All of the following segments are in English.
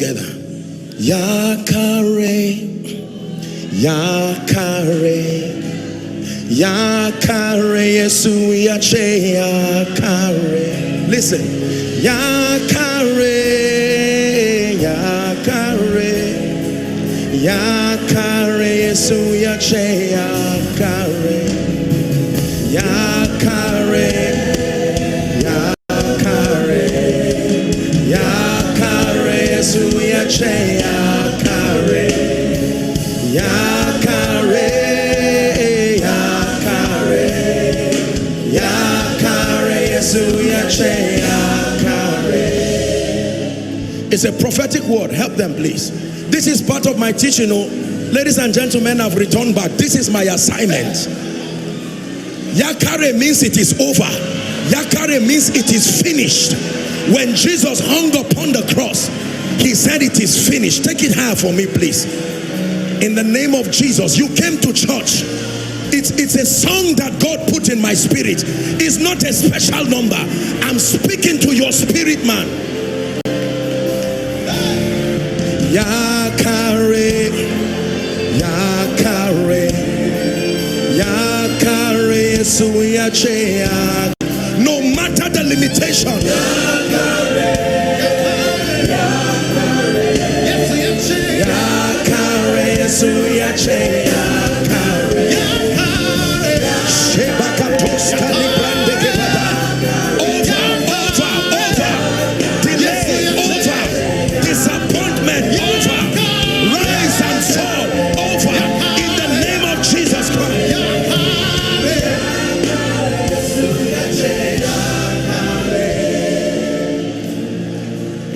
Together. Yakare, Yakare, Yakare, Yesu Yache, Yakare. Listen, Yakare, Yakare, Yakare, Yesu Yache, Yakare, Yakare. Yesu yache yakare yakare yakare yakare Yesu yache yakare It's a prophetic word help them please This is part of my teaching oh ladies and gentlemen I've returned back this is my assignment Yakare means it is over Yakare means it is finished when Jesus hung upon the cross, he said, It is finished. Take it high for me, please. In the name of Jesus, you came to church. It's, it's a song that God put in my spirit. It's not a special number. I'm speaking to your spirit, man. Yakare, Yakare, Yakare, Suyachea limitation. Yakaresu yachei.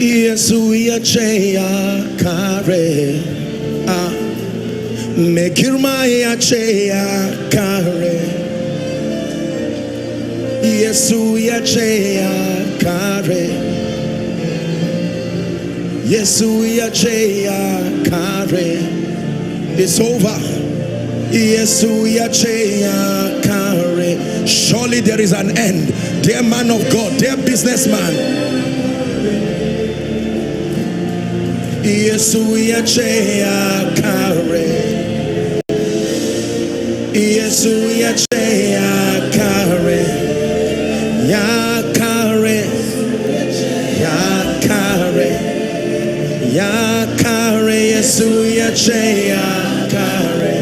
Yes, we are Kare. Ah, make your maya chea Kare. Yes, we are Kare. Yes, we are Kare. It's over. Yes, we are Kare. Surely there is an end. Dear man of God, dear businessman. Yesu yachea kare Yesu yachea kare ya kare ya kare ya kare Yesu yachea kare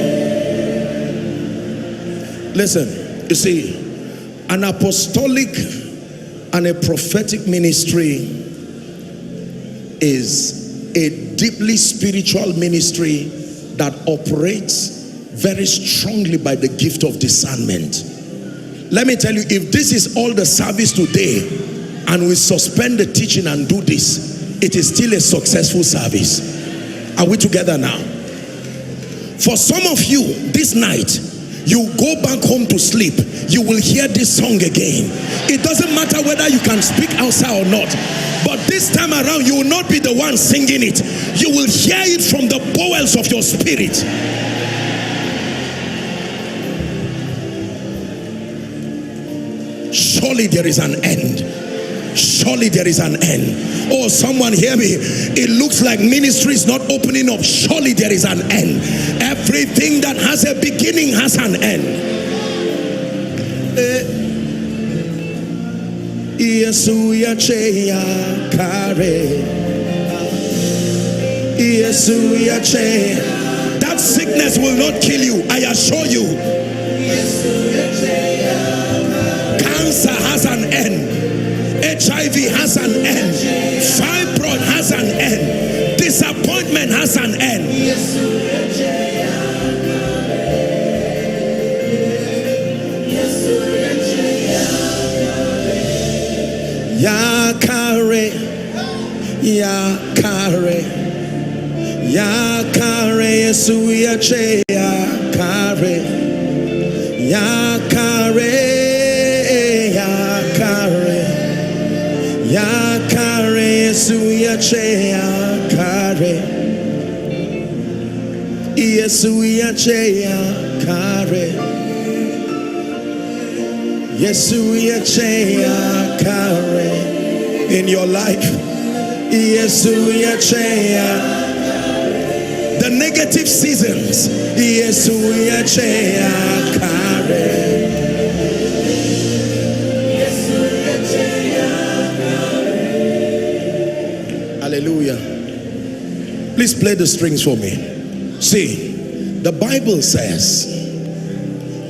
Listen you see an apostolic and a prophetic ministry is a deeply spiritual ministry that operates very strongly by the gift of discernment. Let me tell you, if this is all the service today and we suspend the teaching and do this, it is still a successful service. Are we together now? For some of you, this night, you go back home to sleep, you will hear this song again. It doesn't matter whether you can speak outside or not, but this time around, you will not be the one singing it. You will hear it from the bowels of your spirit. Surely there is an end surely there is an end oh someone hear me it looks like ministry is not opening up surely there is an end everything that has a beginning has an end uh, Yesu yache yakare. Yesu yache. That sickness will not kill you. I assure you. Cancer has an end. HIV has an end. Fibroid has an end. Disappointment has an end. Yakare, Yakare, Yakare, Yesu Yache, Yakare, Yakare, Yakare, Yakare, Yesu Yache, Yakare, Yesu Yache, Yakare. Yesu yeche akare in your life. Yesu yeche akare. The negative seasons. Yesu yeche akare. Hallelujah. Please play the strings for me. See, the Bible says,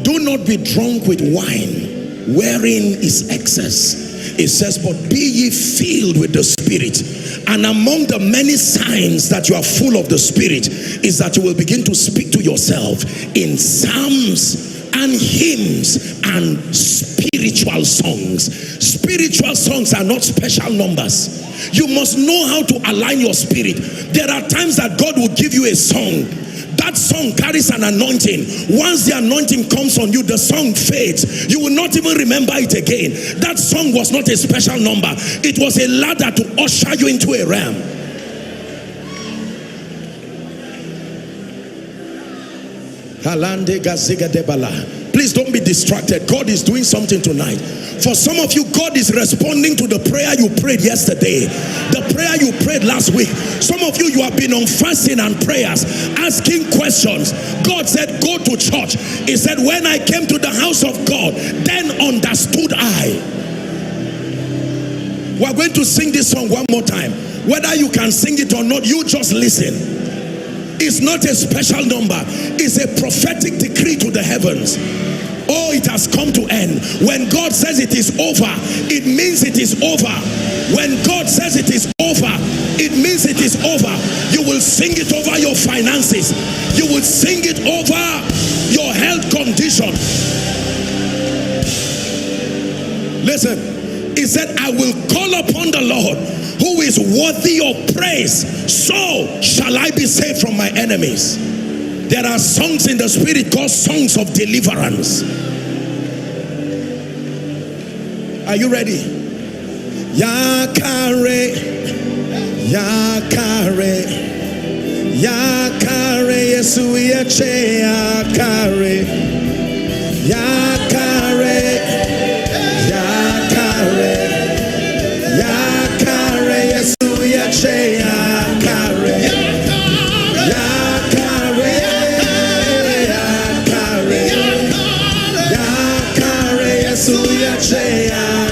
do not be drunk with wine wherein is excess. It says, But be ye filled with the Spirit. And among the many signs that you are full of the Spirit is that you will begin to speak to yourself in psalms and hymns and spiritual songs. Spiritual songs are not special numbers. You must know how to align your spirit. There are times that God will give you a song that song carries an anointing. Once the anointing comes on you, the song fades. You will not even remember it again. That song was not a special number, it was a ladder to usher you into a realm. Please don't be distracted. God is doing something tonight. For some of you, God is responding to the prayer you prayed yesterday prayer you prayed last week. Some of you, you have been on fasting and prayers, asking questions. God said, go to church. He said, when I came to the house of God, then understood I. We're going to sing this song one more time. Whether you can sing it or not, you just listen. It's not a special number. It's a prophetic decree to the heavens. Oh, it has come to end. When God says it is over, it means it is over. When God says it is it means it is over. You will sing it over your finances. You will sing it over your health condition. Listen, he said, I will call upon the Lord who is worthy of praise. So shall I be saved from my enemies. There are songs in the spirit called songs of deliverance. Are you ready? Yakare. Yakare, Yakare, Yesu Yache, Yakare, Yakare, Yakare, Yakare, Yesu Yache, Yakare, Yakare, Yakare, Yakare, Yesu Yache, Yakare.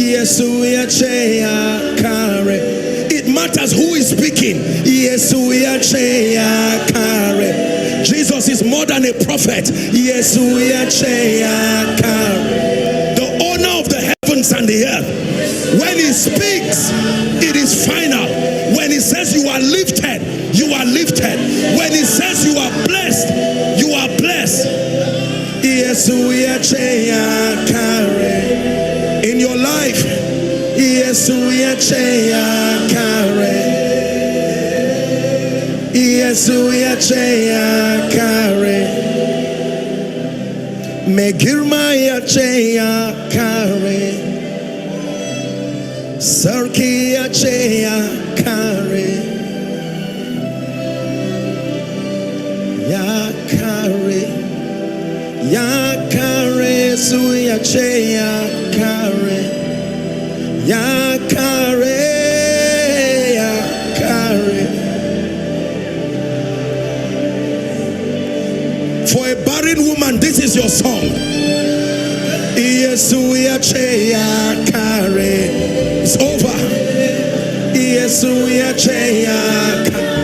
Yes, we are carry. It matters who is speaking. Yes, we are carry. Jesus is more than a prophet. Yes, we are carry. The owner of the heavens and the earth. When he speaks, it is final. When he says you are lifted, you are lifted. When he says you are blessed, you are blessed. Yes, we are carry in your life. Yesu yache ya kare. Yesu yache ya kare. Megirma yache ya kare. Sarki yache ya kare. Ya kare. Ya kare. Yesu yache kare, yakare kare. For a barren woman this is your song Yesu yache kare, It's over Yesu ya kare,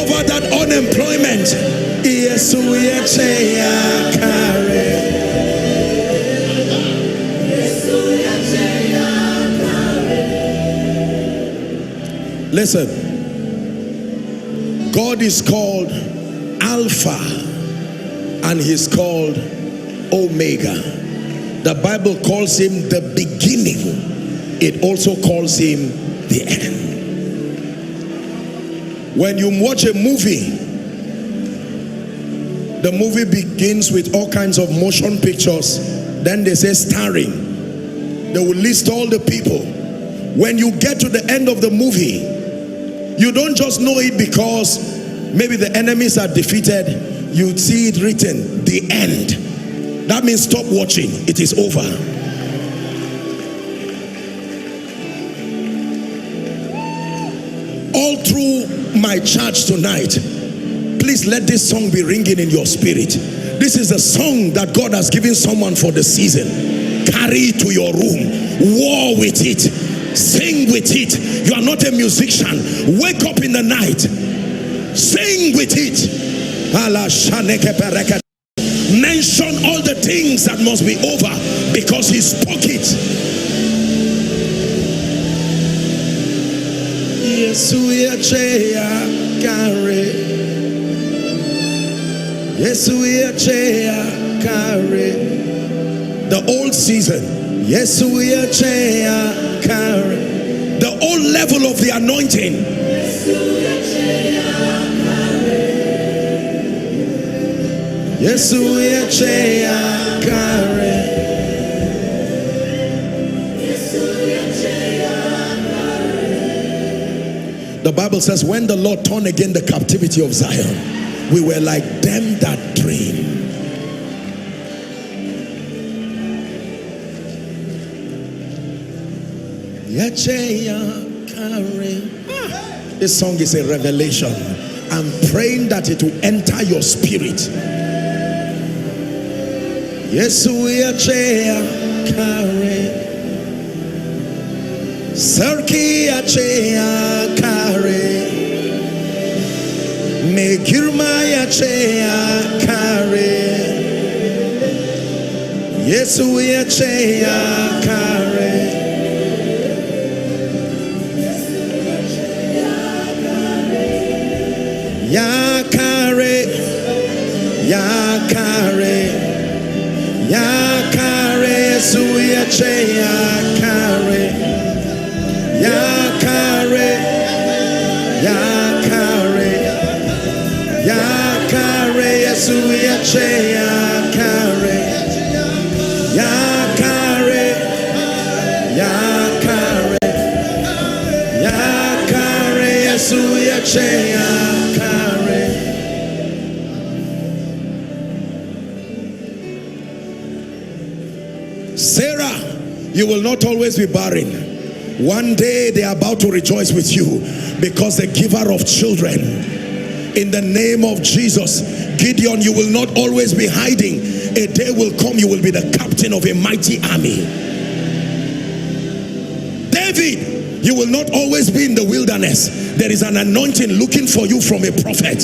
Over that unemployment Yesu ya kare. Listen, God is called Alpha and He's called Omega. The Bible calls Him the beginning, it also calls Him the end. When you watch a movie, the movie begins with all kinds of motion pictures. Then they say starring. They will list all the people. When you get to the end of the movie, you don't just know it because maybe the enemies are defeated. You see it written, the end. That means stop watching, it is over. All through my church tonight, please let this song be ringing in your spirit. This is a song that God has given someone for the season. Carry it to your room, war with it Sing with it. You are not a musician. Wake up in the night. Sing with it. Mention all the things that must be over because he spoke it. Yesu yache ya kare Yesu yache ya kare The old season Yes, we are The whole level of the anointing. Yes, we are The Bible says, when the Lord turned again the captivity of Zion, we were like them that dream. This song is a revelation. I'm praying that it will enter your spirit. Yes, we are carry. Sarki achea kare Me girma achea kare Yesu achea kare carry, ya carry, suya che ya carry, ya carry, ya carry, ya carry, suya che ya carry, ya carry, ya carry, ya carry, suya che ya. Sarah, you will not always be barren. One day they are about to rejoice with you because the giver of children. In the name of Jesus, Gideon, you will not always be hiding. A day will come, you will be the captain of a mighty army. David, you will not always be in the wilderness. There is an anointing looking for you from a prophet.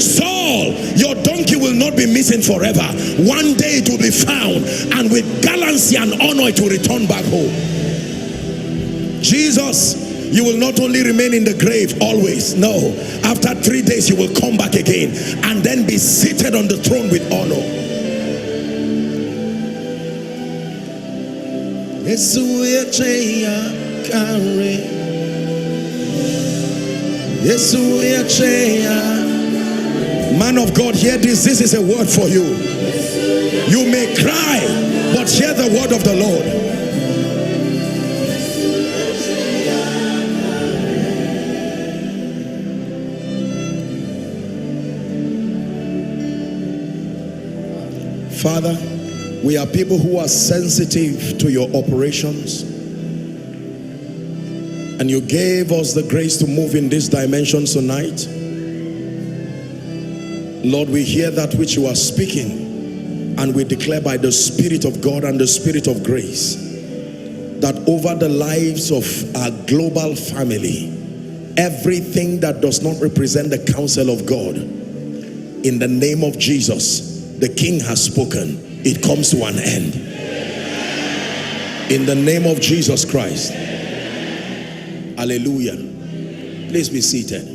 So all, your donkey will not be missing forever. One day it will be found, and with gallantry and honor, it will return back home. Jesus you will not only remain in the grave always no after three days you will come back again and then be seated on the throne with honor Yesu Man of God, hear this. This is a word for you. You may cry, but hear the word of the Lord. Father, we are people who are sensitive to your operations. And you gave us the grace to move in these dimensions tonight. Lord, we hear that which you are speaking and we declare by the Spirit of God and the Spirit of grace that over the lives of our global family, everything that does not represent the counsel of God, in the name of Jesus, the King has spoken. It comes to an end. In the name of Jesus Christ. Hallelujah. Please be seated.